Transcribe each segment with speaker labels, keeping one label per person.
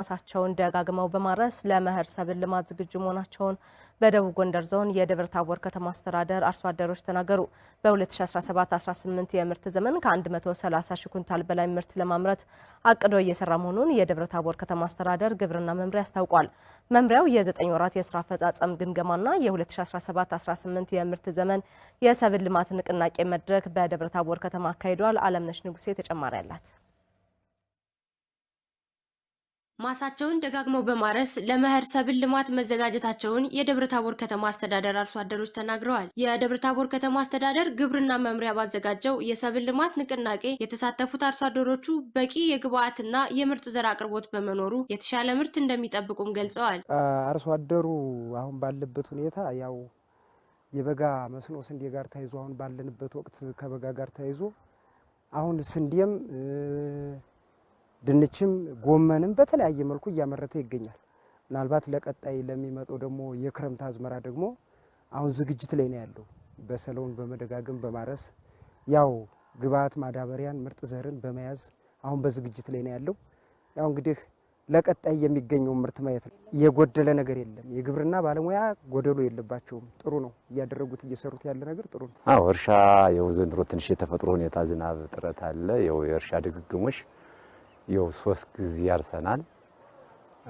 Speaker 1: ማሳቸውን ደጋግመው በማረስ ለመኸር ሰብል ልማት ዝግጁ መሆናቸውን በደቡብ ጎንደር ዞን የደብረ ታቦር ከተማ አስተዳደር አርሶ አደሮች ተናገሩ። በ2017/18 የምርት ዘመን ከ130 ሺ ኩንታል በላይ ምርት ለማምረት አቅዶ እየሰራ መሆኑን የደብረ ታቦር ከተማ አስተዳደር ግብርና መምሪያ አስታውቋል። መምሪያው የ9 ወራት የስራ አፈጻጸም ግምገማና የ2017/18 የምርት ዘመን የሰብል ልማት ንቅናቄ መድረክ በደብረ ታቦር ከተማ አካሂዷል። አለምነሽ ንጉሴ ተጨማሪ አላት። ማሳቸውን ደጋግመው በማረስ ለመኸር ሰብል ልማት መዘጋጀታቸውን የደብረ ታቦር ከተማ አስተዳደር አርሶ አደሮች ተናግረዋል። የደብረ ታቦር ከተማ አስተዳደር ግብርና መምሪያ ባዘጋጀው የሰብል ልማት ንቅናቄ የተሳተፉት አርሶ አደሮቹ በቂ የግብዓትና የምርጥ ዘር አቅርቦት በመኖሩ የተሻለ ምርት እንደሚጠብቁም ገልጸዋል።
Speaker 2: አርሶ አደሩ አሁን ባለበት ሁኔታ ያው የበጋ መስኖ ስንዴ ጋር ተያይዞ አሁን ባለንበት ወቅት ከበጋ ጋር ተያይዞ አሁን ስንዴም ድንችም ጎመንም በተለያየ መልኩ እያመረተ ይገኛል። ምናልባት ለቀጣይ ለሚመጣው ደግሞ የክረምት አዝመራ ደግሞ አሁን ዝግጅት ላይ ነው ያለው። በሰለውን በመደጋገም በማረስ ያው ግብአት ማዳበሪያን ምርጥ ዘርን በመያዝ አሁን በዝግጅት ላይ ነው ያለው። ያው እንግዲህ ለቀጣይ የሚገኘው ምርት ማየት ነው። የጎደለ ነገር የለም። የግብርና ባለሙያ ጎደሎ የለባቸውም። ጥሩ ነው እያደረጉት እየሰሩት ያለ ነገር ጥሩ ነው።
Speaker 3: አዎ እርሻ ዘንድሮ ትንሽ የተፈጥሮ ሁኔታ ዝናብ እጥረት አለ። የእርሻ ድግግሞሽ ይኸው ሶስት ጊዜ ያርሰናል።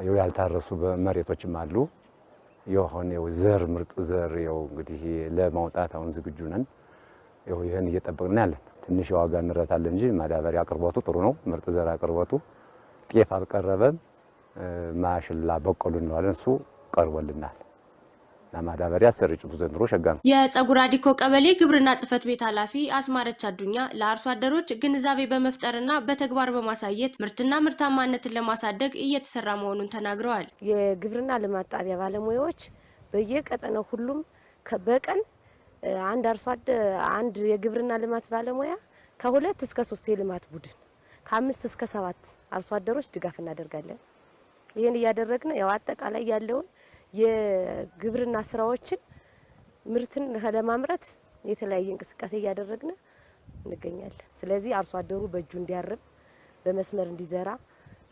Speaker 3: ይኸው ያልታረሱ መሬቶችም አሉ። የሆን ይኸው ዘር ምርጥ ዘር ይኸው እንግዲህ ለማውጣት አሁን ዝግጁ ነን። ይኸው ይህን እየጠበቅን ያለን ትንሽ የዋጋ ንረት እንጂ ማዳበሪያ አቅርቦቱ ጥሩ ነው። ምርጥ ዘር አቅርቦቱ ጤፍ አልቀረበም። ማሽላ በቆሉ እንለዋለን፣ እሱ ቀርቦልናል። ለማዳበሪያ ስርጭቱ ዘንድሮ ሸጋ ነው።
Speaker 1: የፀጉር አዲኮ ቀበሌ ግብርና ጽህፈት ቤት ኃላፊ አስማረች አዱኛ ለአርሶ አደሮች ግንዛቤ በመፍጠርና በተግባር በማሳየት ምርትና ምርታማነትን ለማሳደግ እየተሰራ መሆኑን ተናግረዋል።
Speaker 4: የግብርና ልማት ጣቢያ ባለሙያዎች በየቀጠነው ሁሉም በቀን አንድ አርሶ አንድ የግብርና ልማት ባለሙያ ከሁለት እስከ ሶስት የልማት ቡድን ከአምስት እስከ ሰባት አርሶ አደሮች ድጋፍ እናደርጋለን። ይህን እያደረግን ያው አጠቃላይ ያለውን የግብርና ስራዎችን ምርትን ለማምረት የተለያየ እንቅስቃሴ እያደረግን እንገኛለን። ስለዚህ አርሶ አደሩ በእጁ እንዲያርም በመስመር እንዲዘራ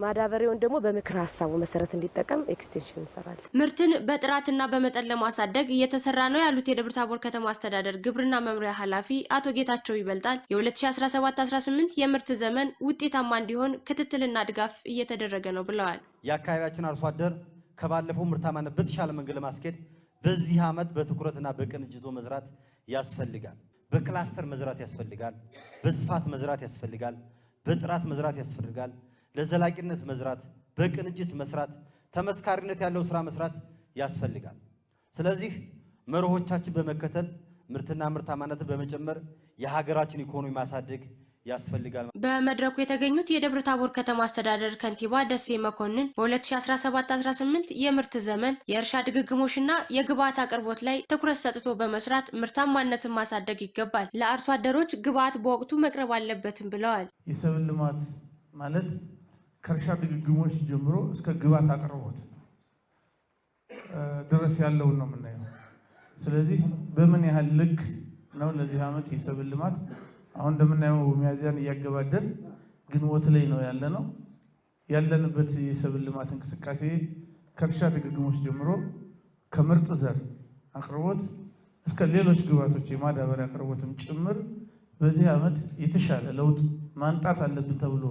Speaker 4: ማዳበሪያውን ደግሞ በምክር ሀሳቡ መሰረት እንዲጠቀም ኤክስቴንሽን እንሰራለን።
Speaker 1: ምርትን በጥራትና በመጠን ለማሳደግ እየተሰራ ነው ያሉት የደብረ ታቦር ከተማ አስተዳደር ግብርና መምሪያ ኃላፊ አቶ ጌታቸው ይበልጣል የ2017/18 የምርት ዘመን ውጤታማ እንዲሆን ክትትልና ድጋፍ እየተደረገ ነው ብለዋል።
Speaker 5: የአካባቢያችን አርሶ አደር ከባለፈው ምርታማነት በተሻለ መንገድ ለማስኬድ በዚህ ዓመት በትኩረትና በቅንጅቶ መዝራት ያስፈልጋል። በክላስተር መዝራት ያስፈልጋል። በስፋት መዝራት ያስፈልጋል። በጥራት መዝራት ያስፈልጋል። ለዘላቂነት መዝራት፣ በቅንጅት መስራት፣ ተመስካሪነት ያለው ስራ መስራት ያስፈልጋል። ስለዚህ መርሆቻችን በመከተል ምርትና ምርታማነትን በመጨመር የሀገራችን ኢኮኖሚ ማሳደግ ያስፈልጋል።
Speaker 1: በመድረኩ የተገኙት የደብረ ታቦር ከተማ አስተዳደር ከንቲባ ደሴ መኮንን በ2017/18 የምርት ዘመን የእርሻ ድግግሞሽና የግብዓት አቅርቦት ላይ ትኩረት ሰጥቶ በመስራት ምርታማነትን ማሳደግ ይገባል፣ ለአርሶ አደሮች ግብዓት በወቅቱ መቅረብ አለበትም ብለዋል።
Speaker 2: የሰብል ልማት ማለት ከእርሻ ድግግሞች ጀምሮ እስከ ግብዓት አቅርቦት ድረስ ያለውን ነው የምናየው። ስለዚህ በምን ያህል ልክ ነው ለዚህ ዓመት የሰብል ልማት አሁን እንደምናየው ሚያዚያን እያገባደን ግንቦት ላይ ነው ያለ ነው ያለንበት የሰብል ልማት እንቅስቃሴ ከእርሻ ድግግሞች ጀምሮ ከምርጥ ዘር አቅርቦት እስከ ሌሎች ግብዓቶች የማዳበሪያ አቅርቦትም ጭምር በዚህ ዓመት የተሻለ ለውጥ ማንጣት አለብን ተብሎ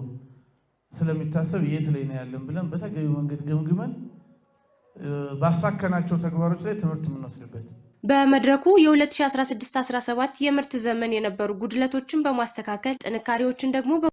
Speaker 2: ስለሚታሰብ የት ላይ ነው ያለን ብለን በተገቢ መንገድ ገምግመን ባሳከናቸው ተግባሮች ላይ ትምህርት የምንወስድበት
Speaker 1: በመድረኩ የ2016-17 የምርት ዘመን የነበሩ ጉድለቶችን በማስተካከል ጥንካሬዎችን ደግሞ